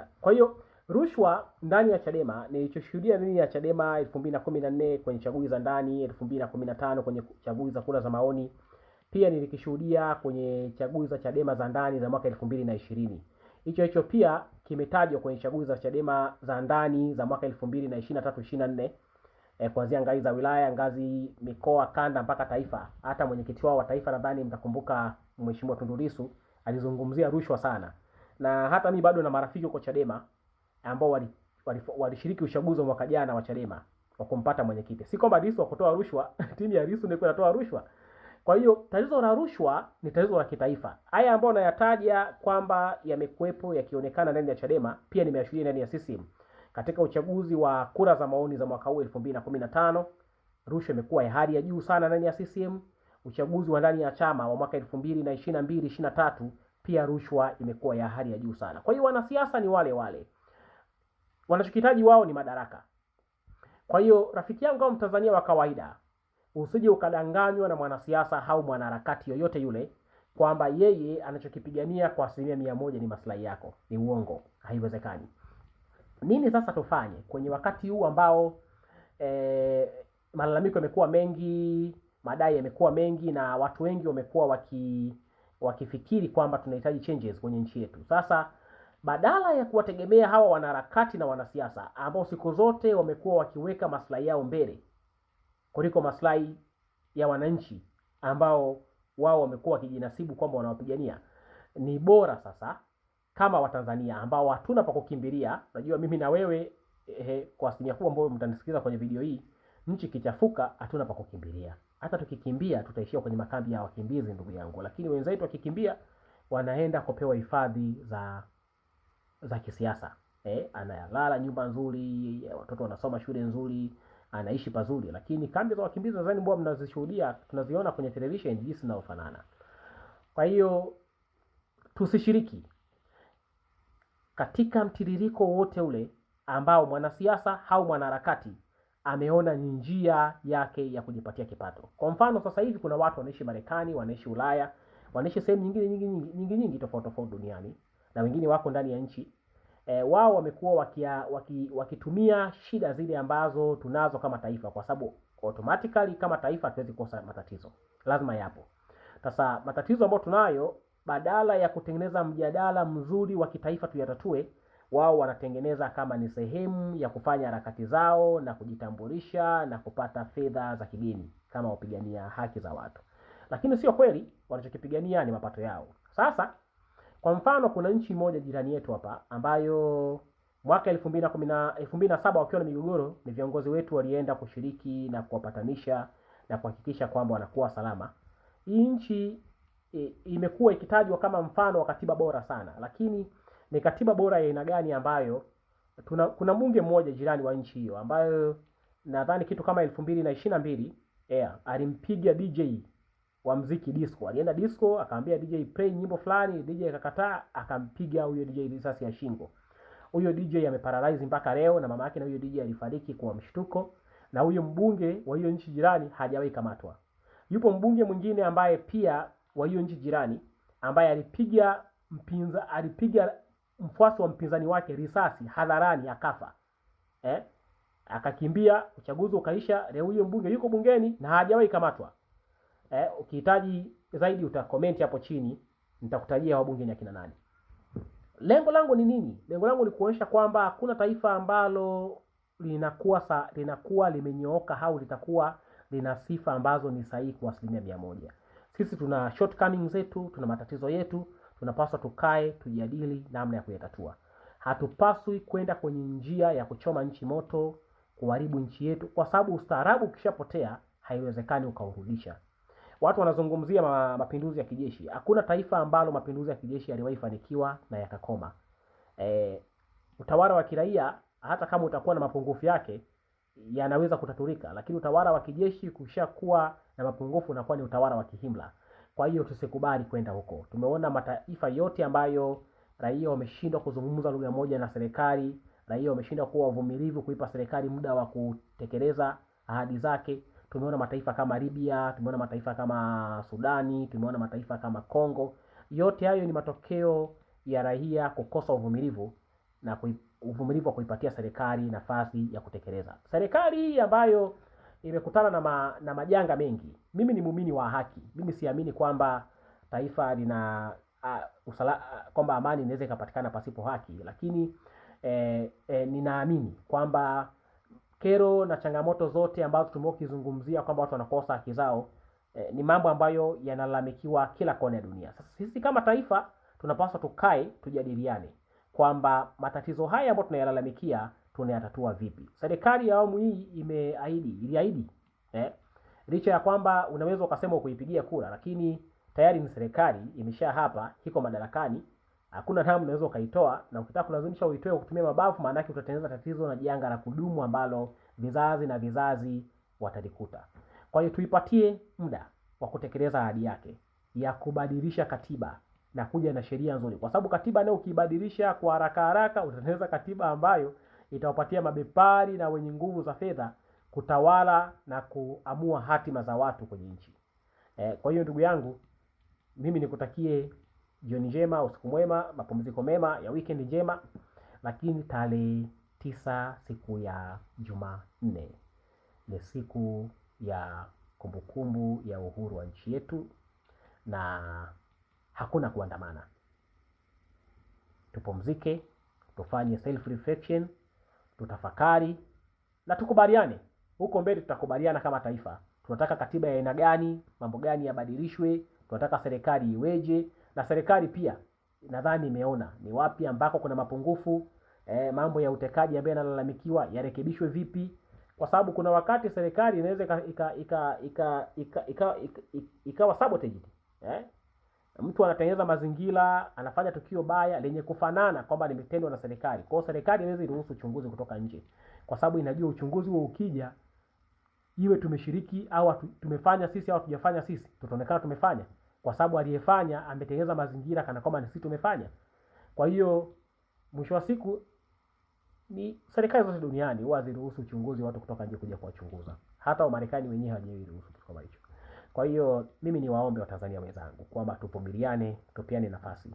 tena. Kwa hiyo rushwa ndani ya Chadema nilichoshuhudia mimi ya Chadema 2014 kwenye chaguzi za ndani, 2015 kwenye chaguzi za kura za maoni, pia nilikishuhudia kwenye chaguzi za Chadema za ndani za mwaka 2020. Hicho hicho pia kimetajwa kwenye chaguzi za Chadema za ndani za mwaka 2023 24, na eh, kuanzia ngazi za wilaya, ngazi mikoa, kanda mpaka taifa. Hata mwenyekiti wao wa taifa nadhani mtakumbuka, Mheshimiwa Tundu Lissu alizungumzia rushwa sana na hata mi bado na marafiki huko Chadema ambao walishiriki wali, wali uchaguzi wa mwaka jana wa Chadema wa kumpata mwenyekiti. Si kwamba Lissu wakutoa rushwa, timu ya Lissu ndio inatoa rushwa. Kwa hiyo tatizo la rushwa ni tatizo la kitaifa. Haya ambayo nayataja kwamba yamekuwepo yakionekana ndani ya Chadema, pia nimeashiria ndani ya CCM. Katika uchaguzi wa kura za maoni za mwaka huu 2015, rushwa imekuwa ya hali ya juu sana ndani ya CCM. Uchaguzi wa ndani ya chama wa mwaka 2022 23 pia rushwa imekuwa ya hali ya juu sana. Kwa hiyo wanasiasa ni wale wale, wanachokihitaji wao ni madaraka. Kwa hiyo rafiki yangu au mtanzania wa kawaida, usije ukadanganywa na mwanasiasa au mwanaharakati yoyote yule kwamba yeye anachokipigania kwa asilimia mia moja ni maslahi yako. Ni uongo, haiwezekani. Nini sasa tufanye kwenye wakati huu ambao e, malalamiko yamekuwa mengi, madai yamekuwa mengi na watu wengi wamekuwa waki wakifikiri kwamba tunahitaji changes kwenye nchi yetu. Sasa badala ya kuwategemea hawa wanaharakati na wanasiasa ambao siku zote wamekuwa wakiweka maslahi yao mbele kuliko maslahi ya wananchi ambao wao wamekuwa wakijinasibu kwamba wanawapigania, ni bora sasa kama Watanzania ambao hatuna pa kukimbilia. Najua mimi na wewe eh, kwa asilimia kubwa ambao mtanisikiliza kwenye video hii Nchi kichafuka, hatuna pa kukimbilia. Hata tukikimbia tutaishia kwenye makambi ya wakimbizi, ndugu yangu. Lakini wenzetu wakikimbia wanaenda kupewa hifadhi za za kisiasa eh, analala nyumba nzuri, watoto wanasoma shule nzuri, anaishi pazuri. Lakini kambi za wakimbizi nadhani mbona mnazishuhudia, tunaziona kwenye television jinsi zinavyofanana. Kwa hiyo tusishiriki katika mtiririko wote ule ambao mwanasiasa au mwanaharakati ameona ni njia yake ya kujipatia kipato. Kwa mfano, sasa hivi kuna watu wanaishi Marekani, wanaishi Ulaya, wanaishi sehemu nyingine nyingi nyingi, nyingi, nyingi tofauti tofauti duniani na wengine wako ndani ya nchi e, wao wamekuwa wakitumia waki, wakitumia shida zile ambazo tunazo kama taifa, kwa sababu automatically kama taifa hatuwezi kukosa matatizo, lazima yapo. Sasa matatizo ambayo tunayo, badala ya kutengeneza mjadala mzuri wa kitaifa tuyatatue, wao wanatengeneza kama ni sehemu ya kufanya harakati zao na kujitambulisha na kupata fedha za kigeni kama wapigania haki za watu, lakini sio kweli. Wanachokipigania ni mapato yao. Sasa kwa mfano, kuna nchi moja jirani yetu hapa ambayo mwaka 2017 wakiwa na migogoro, ni viongozi wetu walienda kushiriki na kuwapatanisha na kuhakikisha kwamba wanakuwa salama. Hii nchi eh, imekuwa ikitajwa kama mfano wa katiba bora sana, lakini ni katiba bora ya aina gani ambayo tuna, kuna mbunge mmoja jirani wa nchi hiyo ambayo nadhani kitu kama elfu mbili na ishirini na mbili yeah, alimpiga DJ wa mziki disco. Alienda disco akamwambia DJ play nyimbo fulani, DJ akakataa, akampiga huyo DJ risasi ya shingo. Huyo DJ ameparalyze mpaka leo, na mama yake na huyo DJ alifariki kwa mshtuko, na huyo mbunge wa hiyo nchi jirani hajawahi kamatwa. Yupo mbunge mwingine ambaye pia wa hiyo nchi jirani ambaye alipiga mpinza alipiga mfuasi wa mpinzani wake risasi hadharani akafa eh? Akakimbia, uchaguzi ukaisha. Leo huyo mbunge yuko bungeni na hajawahi kamatwa eh. Ukihitaji zaidi utakomenti hapo chini, nitakutajia wabunge ni akina nani. Lengo langu ni nini? Lengo langu ni kuonyesha kwamba hakuna taifa ambalo linakuwa sa, linakuwa limenyooka au litakuwa lina sifa ambazo ni sahihi kwa asilimia mia moja. Sisi tuna shortcoming zetu, tuna matatizo yetu tunapaswa tukae, tujadili namna ya kuyatatua. Hatupaswi kwenda kwenye njia ya kuchoma nchi moto, kuharibu nchi yetu, kwa sababu ustaarabu ukishapotea haiwezekani ukaurudisha. Watu wanazungumzia ma, mapinduzi ya kijeshi. Hakuna taifa ambalo mapinduzi ya kijeshi yaliwahi fanikiwa na yakakoma. E, utawala wa kiraia hata kama utakuwa na mapungufu yake yanaweza kutaturika, lakini utawala wa kijeshi kushakuwa na mapungufu unakuwa ni utawala wa kihimla. Kwa hiyo tusikubali kwenda huko. Tumeona mataifa yote ambayo raia wameshindwa kuzungumza lugha moja na serikali, raia wameshindwa kuwa wavumilivu kuipa serikali muda wa kutekeleza ahadi zake. Tumeona mataifa kama Libya, tumeona mataifa kama Sudani, tumeona mataifa kama Kongo. Yote hayo ni matokeo ya raia kukosa uvumilivu na kui, uvumilivu wa kuipatia serikali nafasi ya kutekeleza. Serikali ambayo imekutana na, ma, na majanga mengi. Mimi ni muumini wa haki. Mimi siamini kwamba taifa lina uh, usala, uh, kwamba amani inaweza ikapatikana pasipo haki, lakini eh, eh, ninaamini kwamba kero na changamoto zote ambazo tumekuwa kizungumzia kwamba watu wanakosa haki zao eh, ni mambo ambayo yanalalamikiwa kila kona ya dunia. Sasa sisi kama taifa tunapaswa tukae, tujadiliane kwamba matatizo haya ambayo tunayalalamikia tunayatatua vipi? Serikali ya awamu hii imeahidi, iliahidi eh, licha ya kwamba unaweza ukasema kuipigia kura, lakini tayari ni serikali imesha hapa, iko madarakani, hakuna namna unaweza ukaitoa, na ukitaka kulazimisha uitoe kutumia mabavu, maana yake utatengeneza tatizo na janga la kudumu ambalo vizazi na vizazi watalikuta. Kwa hiyo tuipatie muda wa kutekeleza ahadi yake ya kubadilisha katiba na kuja na sheria nzuri, kwa sababu katiba nayo ukibadilisha kwa haraka haraka utatengeneza katiba ambayo itawapatia mabepari na wenye nguvu za fedha kutawala na kuamua hatima za watu kwenye nchi. E, kwa hiyo ndugu yangu, mimi nikutakie jioni njema, usiku mwema, mapumziko mema ya weekend njema, lakini tarehe tisa siku ya Jumanne ni siku ya kumbukumbu kumbu ya uhuru wa nchi yetu na hakuna kuandamana. Tupumzike, tufanye self reflection tutafakari na tukubaliane huko mbele. Tutakubaliana kama taifa, tunataka katiba ya aina gani, mambo gani yabadilishwe, tunataka serikali iweje. Na serikali pia nadhani imeona ni wapi ambako kuna mapungufu eh, mambo ya utekaji ambayo yanalalamikiwa yarekebishwe vipi, kwa sababu kuna wakati serikali inaweza ikawa ika, ika, ika, ika, ika, ika, ika, ika, ika sabotage eh mtu anatengeneza mazingira, anafanya tukio baya lenye kufanana kwamba limetendwa na serikali. Kwa hiyo serikali haiwezi ruhusu uchunguzi kutoka nje, kwa sababu inajua uchunguzi huo ukija, iwe tumeshiriki au tumefanya sisi au tujafanya sisi, tutaonekana tumefanya, kwa sababu aliyefanya ametengeneza mazingira kana kwamba sisi tumefanya. Kwa hiyo mwisho wa siku ni serikali zote duniani huwa ziruhusu uchunguzi watu kutoka nje kuja kuwachunguza. Hata Wamarekani wenyewe hawajawahi ruhusu kitu kama hicho. Kwa hiyo mimi niwaombe Watanzania wenzangu kwamba tuvumiliane, tupeane nafasi.